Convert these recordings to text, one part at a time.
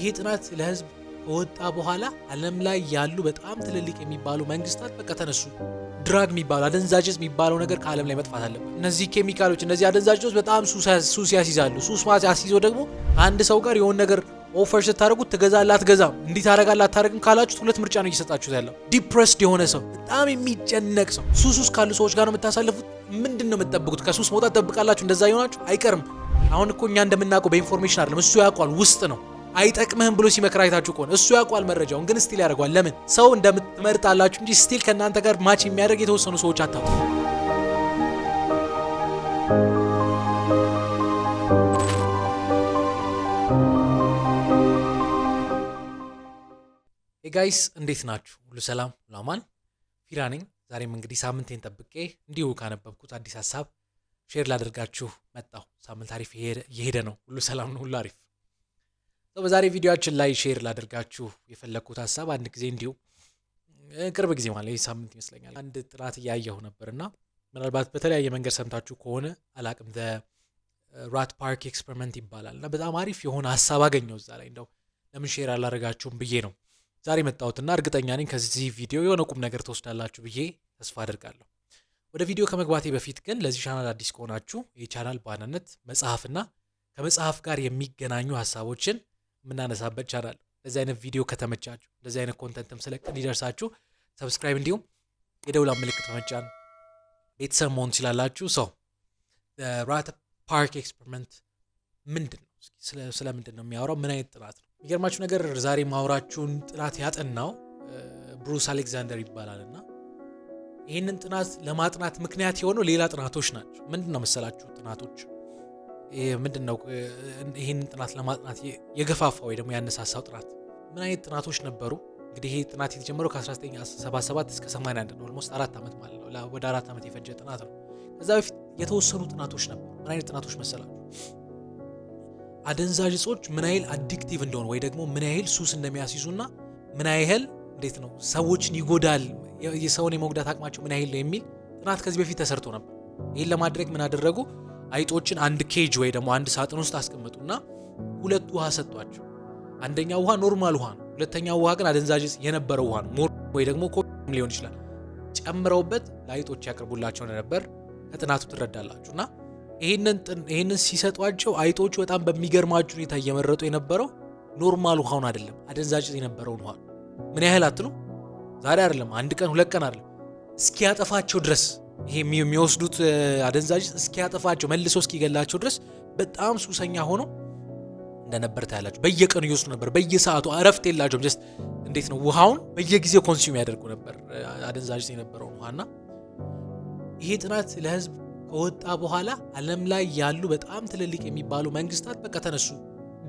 ይሄ ጥናት ለህዝብ ከወጣ በኋላ አለም ላይ ያሉ በጣም ትልልቅ የሚባሉ መንግስታት በቃ ተነሱ። ድራግ የሚባሉ አደንዛዥ የሚባለው ነገር ከአለም ላይ መጥፋት አለበት። እነዚህ ኬሚካሎች፣ እነዚህ አደንዛዥ በጣም ሱስ ያስይዛሉ። ሱስ ያስይዞ ደግሞ አንድ ሰው ጋር የሆነ ነገር ኦፈር ስታደርጉት ትገዛለህ፣ አትገዛም፣ እንዲህ ታደርጋለህ፣ አታደርግም ካላችሁት ሁለት ምርጫ ነው እየሰጣችሁት ያለው። ዲፕሬስድ የሆነ ሰው፣ በጣም የሚጨነቅ ሰው፣ ሱስ ውስጥ ካሉ ሰዎች ጋር ነው የምታሳልፉት። ምንድን ነው የምትጠብቁት? ከሱስ መውጣት ጠብቃላችሁ? እንደዛ የሆናችሁ አይቀርም። አሁን እኮ እኛ እንደምናውቀው በኢንፎርሜሽን አይደለም፣ እሱ ያውቋል፣ ውስጥ ነው አይጠቅምህም ብሎ ሲመክር አይታችሁ ከሆነ እሱ ያውቋል መረጃውን፣ ግን ስቲል ያደርጓል። ለምን ሰው እንደምትመርጣላችሁ እንጂ ስቲል ከእናንተ ጋር ማች የሚያደርግ የተወሰኑ ሰዎች አታውቁ። ጋይስ እንዴት ናችሁ? ሁሉ ሰላም፣ ሁሉ አማን፣ ፊራ ነኝ። ዛሬም እንግዲህ ሳምንቴን ጠብቄ እንዲሁ ካነበብኩት አዲስ ሀሳብ ሼር ላደርጋችሁ መጣሁ። ሳምንት አሪፍ እየሄደ ነው። ሁሉ ሰላም ነው፣ ሁሉ አሪፍ በዛሬ ቪዲዮችን ላይ ሼር ላደርጋችሁ የፈለግኩት ሀሳብ አንድ ጊዜ እንዲሁ ቅርብ ጊዜ ማለት ይህ ሳምንት ይመስለኛል አንድ ጥናት እያየሁ ነበር እና ምናልባት በተለያየ መንገድ ሰምታችሁ ከሆነ አላቅም ራት ፓርክ ኤክስፐሪመንት ይባላል እና በጣም አሪፍ የሆነ ሀሳብ አገኘው እዛ ላይ እንደው ለምን ሼር አላደርጋችሁም ብዬ ነው ዛሬ መጣሁትና እርግጠኛ ነኝ ከዚህ ቪዲዮ የሆነ ቁም ነገር ተወስዳላችሁ ብዬ ተስፋ አድርጋለሁ። ወደ ቪዲዮ ከመግባቴ በፊት ግን ለዚህ ቻናል አዲስ ከሆናችሁ ይህ ቻናል በዋናነት መጽሐፍና ከመጽሐፍ ጋር የሚገናኙ ሀሳቦችን የምናነሳበት ይቻላል። እንደዚህ አይነት ቪዲዮ ከተመቻችሁ እንደዚህ አይነት ኮንተንትም ስለቅ እንዲደርሳችሁ ሰብስክራይብ፣ እንዲሁም የደውላ ምልክት መጫን ቤተሰብ መሆን ትችላላችሁ። ሰው ራት ፓርክ ኤክስፐሪመንት ምንድን ነው? ስለምንድን ነው የሚያወራው? ምን አይነት ጥናት ነው? የሚገርማችሁ ነገር ዛሬ ማውራችሁን ጥናት ያጠናው ብሩስ uh, አሌክዛንደር ይባላል እና ይህንን ጥናት ለማጥናት ምክንያት የሆነው ሌላ ጥናቶች ናቸው። ምንድን ነው መሰላችሁ ጥናቶች ምንድን ነው ይህን ጥናት ለማጥናት የገፋፋ ወይ ደግሞ ያነሳሳው ጥናት ምን አይነት ጥናቶች ነበሩ? እንግዲህ ይህ ጥናት የተጀመረው ከ1977 እስከ 81 ነው። ኦልሞስት አራት ዓመት ማለት ነው። ወደ አራት ዓመት የፈጀ ጥናት ነው። ከዛ በፊት የተወሰኑ ጥናቶች ነበሩ። ምን አይነት ጥናቶች መሰላሉ? አደንዛዥ እጾች ምን ያህል አዲክቲቭ እንደሆኑ ወይ ደግሞ ምን ያህል ሱስ እንደሚያስይዙና ምን ያህል እንዴት ነው ሰዎችን ይጎዳል፣ የሰውን የመጉዳት አቅማቸው ምን ያህል ነው የሚል ጥናት ከዚህ በፊት ተሰርቶ ነበር። ይህን ለማድረግ ምን አደረጉ? አይጦችን አንድ ኬጅ ወይ ደግሞ አንድ ሳጥን ውስጥ አስቀምጡና ሁለት ውሃ ሰጧቸው። አንደኛ ውሃ ኖርማል ውሃ ነው። ሁለተኛ ውሃ ግን አደንዛዥ የነበረ የነበረው ውሃ ነው። ሞር ወይ ደግሞ ኮም ሊሆን ይችላል ጨምረውበት ለአይጦች ያቀርቡላቸው ነበር። ከጥናቱ ትረዳላችሁ እና ይህንን ሲሰጧቸው አይጦቹ በጣም በሚገርማችሁ ሁኔታ እየመረጡ የነበረው ኖርማል ውሃውን አይደለም፣ አደንዛዥ የነበረውን ውሃ። ምን ያህል አትሉ? ዛሬ አይደለም፣ አንድ ቀን ሁለት ቀን አይደለም፣ እስኪያጠፋቸው ድረስ ይሄ የሚወስዱት አደንዛዥ እስኪያጠፋቸው መልሶ እስኪገላቸው ድረስ በጣም ሱሰኛ ሆኖ እንደነበር ታያላቸው። በየቀኑ ይወስዱ ነበር፣ በየሰዓቱ እረፍት የላቸውም። ጀስት እንዴት ነው ውሃውን በየጊዜው ኮንሱም ያደርጉ ነበር፣ አደንዛዥ የነበረውን ውሃና። ይሄ ጥናት ለህዝብ ከወጣ በኋላ አለም ላይ ያሉ በጣም ትልልቅ የሚባሉ መንግስታት በቃ ተነሱ።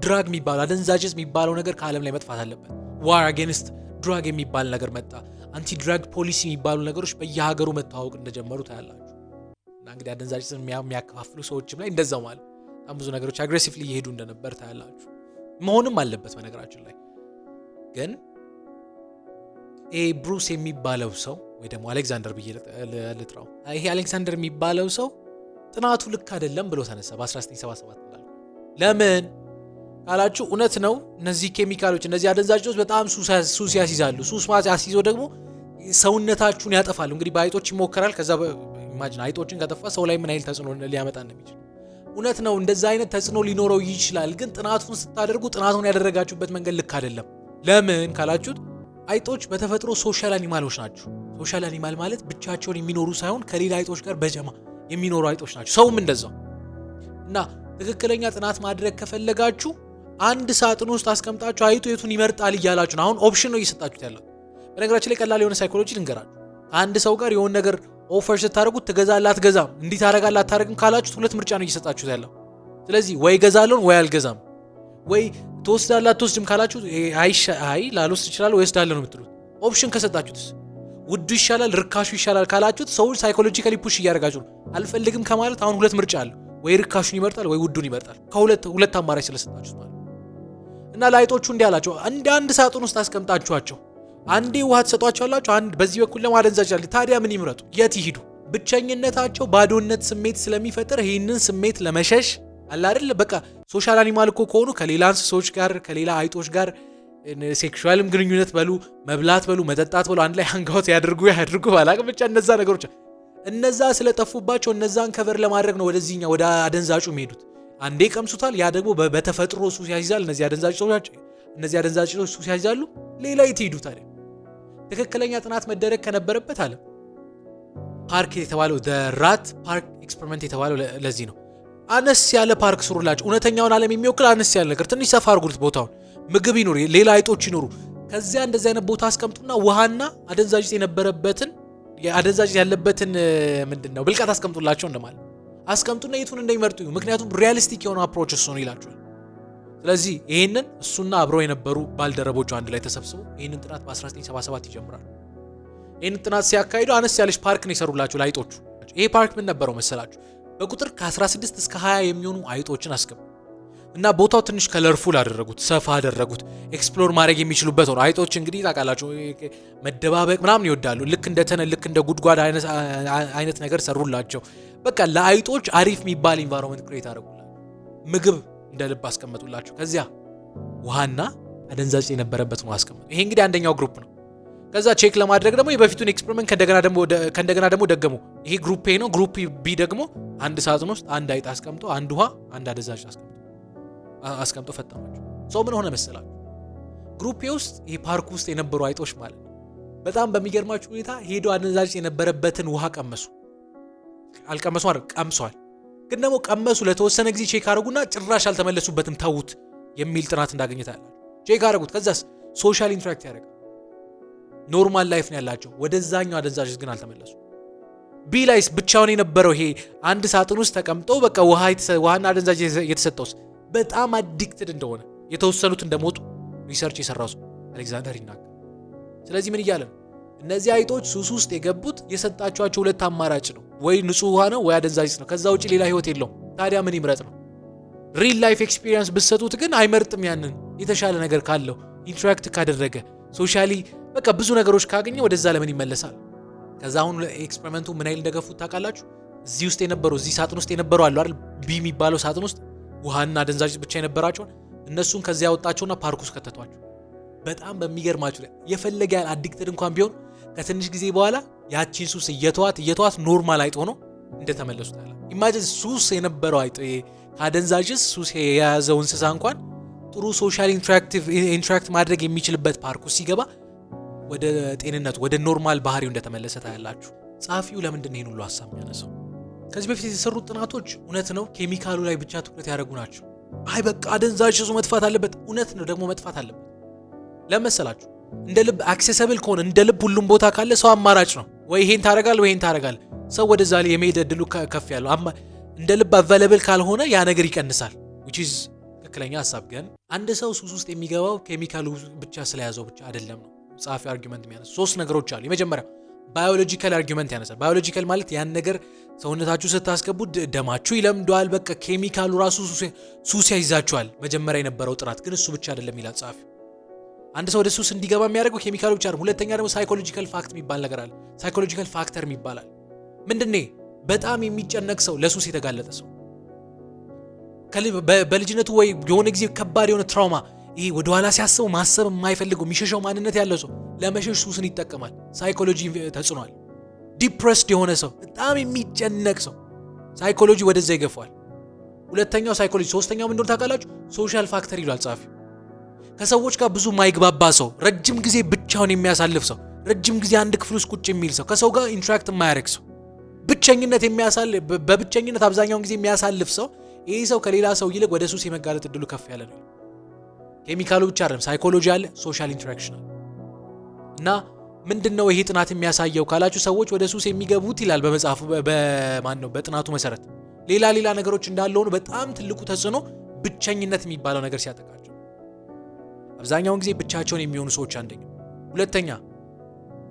ድራግ የሚባሉ አደንዛዥ የሚባለው ነገር ከዓለም ላይ መጥፋት አለበት። ዋር አጌንስት ድራግ የሚባል ነገር መጣ። አንቲ ድራግ ፖሊሲ የሚባሉ ነገሮች በየሀገሩ መተዋወቅ እንደጀመሩ ታያላችሁ። እና እንግዲህ አደንዛዥ የሚያከፋፍሉ ሰዎችም ላይ እንደዛው ማለት በጣም ብዙ ነገሮች አግሬሲቭሊ እየሄዱ እንደነበር ታያላችሁ። መሆንም አለበት በነገራችን ላይ ግን ይሄ ብሩስ የሚባለው ሰው ወይ ደግሞ አሌክዛንደር ብዬ ልጥራው፣ ይሄ አሌክዛንደር የሚባለው ሰው ጥናቱ ልክ አይደለም ብሎ ተነሳ በ1977 ለምን ካላችሁ እውነት ነው። እነዚህ ኬሚካሎች እነዚህ አደንዛዥ በጣም ሱስ ያስይዛሉ። ሱስ ያስይዘው ደግሞ ሰውነታችሁን ያጠፋሉ። እንግዲህ በአይጦች ይሞከራል። ከዛ ኢማጂን አይጦችን ከጠፋ ሰው ላይ ምን አይነት ተጽዕኖ ሊያመጣ እንደሚችል እውነት ነው። እንደዛ አይነት ተጽዕኖ ሊኖረው ይችላል። ግን ጥናቱን ስታደርጉ ጥናቱን ያደረጋችሁበት መንገድ ልክ አይደለም። ለምን ካላችሁት አይጦች በተፈጥሮ ሶሻል አኒማሎች ናቸው። ሶሻል አኒማል ማለት ብቻቸውን የሚኖሩ ሳይሆን ከሌላ አይጦች ጋር በጀማ የሚኖሩ አይጦች ናቸው። ሰውም እንደዛው እና ትክክለኛ ጥናት ማድረግ ከፈለጋችሁ አንድ ሳጥን ውስጥ አስቀምጣችሁ አይቶ የቱን ይመርጣል እያላችሁ ነው። አሁን ኦፕሽን ነው እየሰጣችሁት ያለው። በነገራችን ላይ ቀላል የሆነ ሳይኮሎጂ ልንገራችሁ። ከአንድ ሰው ጋር የሆነ ነገር ኦፈር ስታደርጉት ትገዛለህ አትገዛም፣ እንዲህ ታደርጋለህ አታደርግም ካላችሁት ሁለት ምርጫ ነው እየሰጣችሁት ያለው። ስለዚህ ወይ ገዛለሁን ወይ አልገዛም፣ ወይ ትወስዳለህ አትወስድም ካላችሁ አይ ላልወስድ ይችላል ወይ ወስዳለሁ ነው የምትሉት። ኦፕሽን ከሰጣችሁትስ ውዱ ይሻላል ርካሹ ይሻላል ካላችሁት ሰዎች ሳይኮሎጂካሊ ፑሽ እያደረጋችሁ ነው። አልፈልግም ከማለት አሁን ሁለት ምርጫ አለ። ወይ ርካሹን ይመርጣል ወይ ውዱን ይመርጣል። ከሁለት ሁለት አማራጭ ስለሰጣችሁት ማለት እና ላይጦቹ እንዲህ አላቸው፣ እንደ አንድ ሳጥን ውስጥ አስቀምጣችኋቸው፣ አንዴ ውሃ ትሰጧቸው አንድ በዚህ በኩል ለማደንዛዥ አለ። ታዲያ ምን ይምረጡ? የት ይሂዱ? ብቸኝነታቸው ባዶነት ስሜት ስለሚፈጥር ይህንን ስሜት ለመሸሽ አለ አይደል፣ በቃ ሶሻል አኒማል እኮ ከሆኑ ከሌላ እንስሶች ጋር ከሌላ አይጦች ጋር ሴክሹዋልም ግንኙነት በሉ መብላት በሉ መጠጣት በሉ አንድ ላይ አንጋወት ያድርጉ ያድርጉ ባላቅ ብቻ እነዛ ነገሮች እነዛ ስለጠፉባቸው እነዛን ከበር ለማድረግ ነው ወደዚህኛ ወደ አደንዛጩ የሚሄዱት። አንዴ ቀምሱታል። ያ ደግሞ በተፈጥሮ ሱስ ያስይዛል። እነዚህ አደንዛጭ ሰዎች እነዚህ አደንዛጭ ሰዎች ሱስ ያስይዛሉ። ሌላ የት ሄዱ ታዲያ? ትክክለኛ ጥናት መደረግ ከነበረበት አለ ፓርክ የተባለው ራት ፓርክ ኤክስፐሪመንት የተባለው ለዚህ ነው። አነስ ያለ ፓርክ ስሩላቸው። እውነተኛውን ዓለም የሚወክል አነስ ያለ ነገር ትንሽ ሰፋ አድርጉት። ቦታውን ምግብ ይኖር፣ ሌላ አይጦች ይኖሩ። ከዚያ እንደዚህ አይነት ቦታ አስቀምጡና ውሃና አደንዛዥ የነበረበትን አደንዛዥ ያለበትን ምንድን ነው ብልቃት አስቀምጡላቸው እንደማለት አስቀምጡና የቱን እንደሚመርጡ ምክንያቱም ሪያሊስቲክ የሆነ አፕሮች እሱ ነው ይላቸዋል። ስለዚህ ይህንን እሱና አብረው የነበሩ ባልደረቦቹ አንድ ላይ ተሰብስቡ ይህንን ጥናት በ1977 ይጀምራሉ። ይህን ጥናት ሲያካሂዱ አነስ ያለች ፓርክ ነው የሰሩላቸው ለአይጦቹ። ይሄ ፓርክ ምን ነበረው መሰላችሁ? በቁጥር ከ16 እስከ 20 የሚሆኑ አይጦችን አስገቡ። እና ቦታው ትንሽ ከለርፉል አደረጉት፣ ሰፋ አደረጉት፣ ኤክስፕሎር ማድረግ የሚችሉበት ሆነ። አይጦች እንግዲህ ታውቃላችሁ መደባበቅ ምናምን ይወዳሉ። ልክ እንደ ልክ እንደ ጉድጓድ አይነት ነገር ሰሩላቸው። በቃ ለአይጦች አሪፍ የሚባል ኢንቫይሮንመንት ክሬት አደረጉላቸው። ምግብ እንደ ልብ አስቀመጡላቸው። ከዚያ ውሃና አደንዛጭ የነበረበት ነው አስቀመጡ። ይሄ እንግዲህ አንደኛው ግሩፕ ነው። ከዛ ቼክ ለማድረግ ደግሞ የበፊቱን ኤክስፐሪመንት ከእንደገና ደግሞ ደገሙ። ይሄ ግሩፕ ነው። ግሩፕ ቢ ደግሞ አንድ ሳጥን ውስጥ አንድ አይጥ አስቀምጦ አንድ ውሃ፣ አንድ አደንዛጭ አስቀምጦ አስቀምጦ ፈጠማቸው። ሰው ምን ሆነ መሰላችሁ? ግሩፔ ውስጥ ይሄ ፓርክ ውስጥ የነበሩ አይጦች ማለት በጣም በሚገርማችሁ ሁኔታ ሄዶ አደንዛዥ የነበረበትን ውሃ ቀመሱ። አልቀመሱ አ ቀምሰዋል። ግን ደግሞ ቀመሱ ለተወሰነ ጊዜ ቼክ አደረጉና ጭራሽ አልተመለሱበትም ተዉት የሚል ጥናት እንዳገኘት ታያላችሁ። ቼክ አደረጉት። ከዛስ ሶሻል ኢንትራክት ያደርጋል። ኖርማል ላይፍ ነው ያላቸው። ወደዛኛው አደንዛዥ ግን አልተመለሱ። ቢላይስ ብቻውን የነበረው ይሄ አንድ ሳጥን ውስጥ ተቀምጦ በቃ ውሃና አደንዛዥ የተሰጠውስ በጣም አዲክትድ እንደሆነ የተወሰኑት እንደሞቱ ሪሰርች የሰራው ሰው አሌክዛንደር ይናገር። ስለዚህ ምን እያለ ነው? እነዚህ አይጦች ሱስ ውስጥ የገቡት የሰጣችኋቸው ሁለት አማራጭ ነው፣ ወይ ንጹህ ውሃ ነው ወይ አደንዛዥ ነው። ከዛ ውጭ ሌላ ህይወት የለውም። ታዲያ ምን ይምረጥ ነው? ሪል ላይፍ ኤክስፒሪየንስ ብትሰጡት ግን አይመርጥም። ያንን የተሻለ ነገር ካለው ኢንትራክት ካደረገ ሶሻሊ በቃ ብዙ ነገሮች ካገኘ ወደዛ ለምን ይመለሳል? ከዛ አሁን ኤክስፐሪመንቱ ምን ያህል እንደገፉት ታውቃላችሁ? እዚህ ውስጥ የነበሩ እዚህ ሳጥን ውስጥ የነበሩ አሉ አይደል? ቢ የሚባለው ሳጥን ውስጥ ውሃና አደንዛዥ ብቻ የነበራቸውን እነሱን ከዚያ ያወጣቸውና ፓርክ ውስጥ ከተቷቸው። በጣም በሚገርማችሁ ላይ የፈለገ ያህል አዲክትድ እንኳን ቢሆን ከትንሽ ጊዜ በኋላ ያቺን ሱስ እየተዋት እየተዋት ኖርማል አይጦ ነው እንደተመለሱት አለ። ኢማጅን ሱስ የነበረው አይጦ ከአደንዛዥስ ሱስ የያዘው እንስሳ እንኳን ጥሩ ሶሻል ኢንትራክት ማድረግ የሚችልበት ፓርክ ውስጥ ሲገባ ወደ ጤንነቱ ወደ ኖርማል ባህሪው እንደተመለሰ ታያላችሁ። ጸሐፊው ለምንድን ይህን ሁሉ ሀሳብ ያነሳው? ከዚህ በፊት የተሰሩት ጥናቶች እውነት ነው ኬሚካሉ ላይ ብቻ ትኩረት ያደረጉ ናቸው። አይ በቃ አደንዛዥ እሱ መጥፋት አለበት፣ እውነት ነው ደግሞ መጥፋት አለበት። ለመሰላችሁ እንደ ልብ አክሴሰብል ከሆነ እንደ ልብ ሁሉም ቦታ ካለ ሰው አማራጭ ነው። ወይ ይሄን ታረጋል ወይ ይሄን ታረጋል ሰው ወደዛ ላይ የመሄድ እድሉ ከፍ ያለው እንደ ልብ አቫለብል ካልሆነ ያ ነገር ይቀንሳል። which is ትክክለኛ ሀሳብ። ግን አንድ ሰው ሱስ ውስጥ የሚገባው ኬሚካሉ ብቻ ስለያዘው ብቻ አይደለም ነው ጸሐፊው አርጊመንት የሚያነሱ ሶስት ነገሮች አሉ። የመጀመሪያ ባዮሎጂካል አርጊመንት ያነሳል። ባዮሎጂካል ማለት ያን ነገር ሰውነታችሁ ስታስገቡ ደማችሁ ይለምደዋል። በቃ ኬሚካሉ ራሱ ሱስ ያይዛችኋል። መጀመሪያ የነበረው ጥራት ግን እሱ ብቻ አይደለም ይላል ጸሐፊ። አንድ ሰው ወደ ሱስ እንዲገባ የሚያደርገው ኬሚካሉ ብቻ ነው። ሁለተኛ ደግሞ ሳይኮሎጂካል ፋክት የሚባል ነገር አለ። ሳይኮሎጂካል ፋክተር ይባላል። ምንድን በጣም የሚጨነቅ ሰው ለሱስ የተጋለጠ ሰው በልጅነቱ ወይ የሆነ ጊዜ ከባድ የሆነ ትራውማ ይሄ ወደኋላ ሲያስበው ማሰብ የማይፈልገው የሚሸሸው ማንነት ያለው ሰው ለመሸሽ ሱስን ይጠቀማል። ሳይኮሎጂ ተጽኗል። ዲፕረስድ የሆነ ሰው፣ በጣም የሚጨነቅ ሰው ሳይኮሎጂ ወደዛ ይገፋዋል። ሁለተኛው ሳይኮሎጂ። ሶስተኛው ምን እንደሆነ ታውቃላችሁ? ሶሻል ፋክተር ይሏል ጸሐፊው። ከሰዎች ጋር ብዙ ማይግባባ ሰው፣ ረጅም ጊዜ ብቻውን የሚያሳልፍ ሰው፣ ረጅም ጊዜ አንድ ክፍል ውስጥ ቁጭ የሚል ሰው፣ ከሰው ጋር ኢንትራክት የማያደርግ ሰው፣ ብቸኝነት የሚያሳልፍ በብቸኝነት አብዛኛውን ጊዜ የሚያሳልፍ ሰው ይህ ሰው ከሌላ ሰው ይልቅ ወደ ሱስ የመጋለጥ እድሉ ከፍ ያለ ነው። ኬሚካሉ ብቻ አይደለም፣ ሳይኮሎጂ አለ፣ ሶሻል ኢንተራክሽን አለ። እና ምንድን ነው ይሄ ጥናት የሚያሳየው ካላችሁ ሰዎች ወደ ሱስ የሚገቡት ይላል በመጽሐፉ በማን ነው በጥናቱ መሰረት ሌላ ሌላ ነገሮች እንዳለሆኑ በጣም ትልቁ ተጽዕኖ ብቸኝነት የሚባለው ነገር ሲያጠቃቸው አብዛኛውን ጊዜ ብቻቸውን የሚሆኑ ሰዎች አንደኛ፣ ሁለተኛ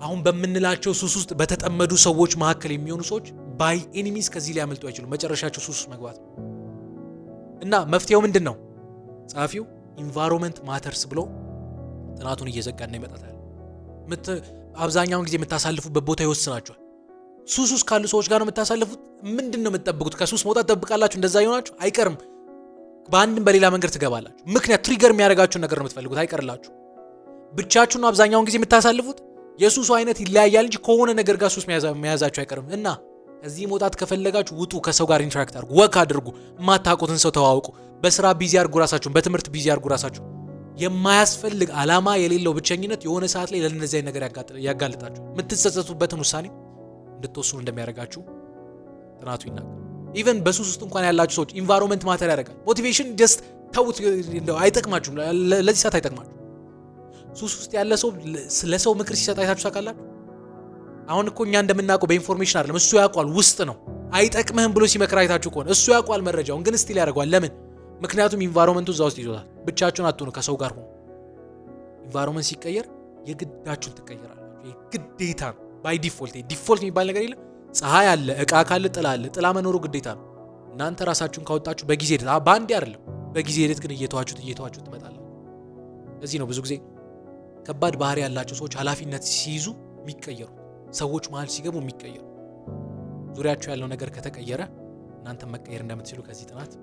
አሁን በምንላቸው ሱስ ውስጥ በተጠመዱ ሰዎች መካከል የሚሆኑ ሰዎች ባይ ኤኒሚስ ከዚህ ሊያመልጡ አይችሉም። መጨረሻቸው ሱስ ውስጥ መግባት ነው እና መፍትሄው ምንድን ነው? ጸሐፊው ኢንቫይሮንመንት ማተርስ ብሎ ጥናቱን እየዘጋና ይመጣታል። አብዛኛውን ጊዜ የምታሳልፉበት ቦታ ይወስናቸዋል። ሱስ ውስጥ ካሉ ሰዎች ጋር ነው የምታሳልፉት። ምንድን ነው የምትጠብቁት? ከሱስ መውጣት ትጠብቃላችሁ? እንደዛ ይሆናችሁ አይቀርም። በአንድም በሌላ መንገድ ትገባላችሁ። ምክንያት ትሪገር የሚያደርጋችሁን ነገር ነው የምትፈልጉት። አይቀርላችሁ። ብቻችሁን ነው አብዛኛውን ጊዜ የምታሳልፉት። የሱሱ አይነት ይለያያል እንጂ ከሆነ ነገር ጋር ሱስ መያዛችሁ አይቀርም እና ከዚህ መውጣት ከፈለጋችሁ ውጡ። ከሰው ጋር ኢንትራክት አድርጉ፣ ወክ አድርጉ፣ የማታውቁትን ሰው ተዋውቁ። በስራ ቢዚ አድርጉ ራሳችሁን፣ በትምህርት ቢዚ አድርጉ ራሳችሁን። የማያስፈልግ ዓላማ የሌለው ብቸኝነት የሆነ ሰዓት ላይ ለነዚያ ነገር ያጋልጣችሁ የምትጸጸቱበትን ውሳኔ እንድትወስኑ እንደሚያደርጋችሁ ጥናቱ ይናገራል። ኢቨን በሱስ ውስጥ እንኳን ያላችሁ ሰዎች ኢንቫይሮንመንት ማተር ያደርጋል። ሞቲቬሽን ጀስት ተውት፣ አይጠቅማችሁም። ለዚህ ሰዓት አይጠቅማችሁ። ሱስ ውስጥ ያለ ሰው ለሰው ምክር ሲሰጥ አይታችሁ ታውቃላችሁ? አሁን እኮ እኛ እንደምናውቀው በኢንፎርሜሽን አይደለም፣ እሱ ያውቋል። ውስጥ ነው። አይጠቅምህም ብሎ ሲመክር አይታችሁ ከሆነ እሱ ያውቋል መረጃውን፣ ግን ስቲል ያደርገዋል። ለምን? ምክንያቱም ኢንቫይሮንመንቱ እዛ ውስጥ ይዞታል። ብቻችሁን አትሆኑ፣ ከሰው ጋር ሁኑ። ኢንቫይሮመንት ሲቀየር የግዳችሁን ትቀየራላችሁ። ግዴታ ነው። ባይ ዲፎልት ዲፎልት የሚባል ነገር የለም። ፀሐይ አለ፣ እቃ ካለ ጥላ አለ። ጥላ መኖሩ ግዴታ ነው። እናንተ ራሳችሁን ካወጣችሁ በጊዜ ሂደት በአንድ አይደለም፣ በጊዜ ሂደት ግን እየተዋችሁት እየተዋችሁት ትመጣለ። ለዚህ ነው ብዙ ጊዜ ከባድ ባህሪ ያላቸው ሰዎች ኃላፊነት ሲይዙ የሚቀየሩ ሰዎች መሀል ሲገቡ የሚቀየሩ ዙሪያችሁ ያለው ነገር ከተቀየረ እናንተ መቀየር እንደምትችሉ ከዚህ ጥናት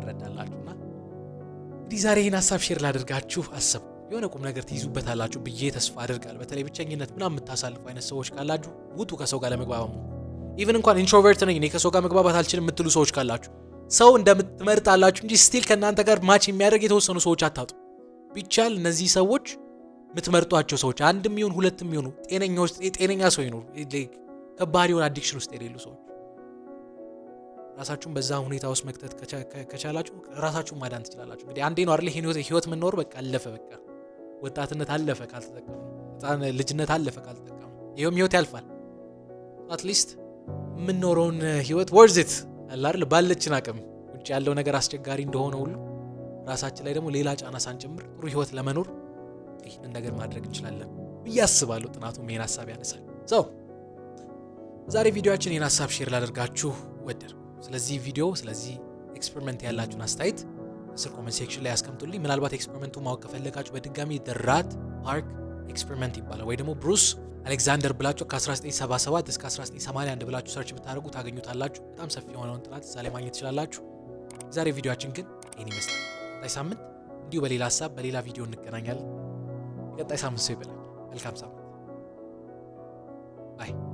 ትረዳላችሁና እንግዲህ ዛሬ ይህን ሀሳብ ሼር ላደርጋችሁ አሰብ የሆነ ቁም ነገር ትይዙበታላችሁ ብዬ ተስፋ አድርጋል በተለይ ብቸኝነት ምናምን የምታሳልፉ አይነት ሰዎች ካላችሁ ውጡ። ከሰው ጋር ለመግባባ ኢቨን እንኳን ኢንትሮቨርት ነኝ እኔ ከሰው ጋር መግባባት አልችልም የምትሉ ሰዎች ካላችሁ ሰው እንደምትመርጣላችሁ እንጂ ስቲል ከእናንተ ጋር ማች የሚያደርግ የተወሰኑ ሰዎች አታጡ። ቢቻል እነዚህ ሰዎች የምትመርጧቸው ሰዎች አንድም ይሁን ሁለትም ይሁኑ ጤነኛ ሰው ይኖሩ፣ ከባድ የሆነ አዲክሽን ውስጥ የሌሉ ሰዎች ራሳችሁን በዛ ሁኔታ ውስጥ መክተት ከቻላችሁ ራሳችሁን ማዳን ትችላላችሁ። እንግዲህ አንዴ ነው አይደል ህይወት መኖር፣ በቃ አለፈ፣ በቃ ወጣትነት አለፈ ካልተጠቀሙ፣ ህፃን ልጅነት አለፈ ካልተጠቀሙ፣ ይኸውም ህይወት ያልፋል። አትሊስት የምንኖረውን ህይወት ወርዝት አለ አይደል ባለችን አቅም ውጭ ያለው ነገር አስቸጋሪ እንደሆነ ሁሉ ራሳችን ላይ ደግሞ ሌላ ጫና ሳንጨምር ጥሩ ህይወት ለመኖር ይህንን ነገር ማድረግ እንችላለን ብዬ አስባለሁ። ጥናቱም ይህን ሀሳብ ያነሳል። ሰው ዛሬ ቪዲዮችን ይህን ሀሳብ ሼር ላደርጋችሁ ወደድኩ። ስለዚህ ቪዲዮ፣ ስለዚህ ኤክስፐሪመንት ያላችሁን አስተያየት ስር ኮመንት ሴክሽን ላይ ያስቀምጡልኝ። ምናልባት ኤክስፐሪመንቱ ማወቅ ከፈለጋችሁ በድጋሚ ደራት ፓርክ ኤክስፐሪመንት ይባላል ወይ ደግሞ ብሩስ አሌክዛንደር ብላችሁ ከ1977 እስከ 1981 ብላችሁ ሰርች ብታደርጉ ታገኙታላችሁ። በጣም ሰፊ የሆነውን ጥናት እዛ ላይ ማግኘት ትችላላችሁ። የዛሬ ቪዲዮችን ግን ይህን ይመስላል። ቀጣይ ሳምንት እንዲሁ በሌላ ሀሳብ በሌላ ቪዲዮ እንገናኛለን። ቀጣይ ሳምንት ሰው ይበላል። መልካም ሳምንት ባይ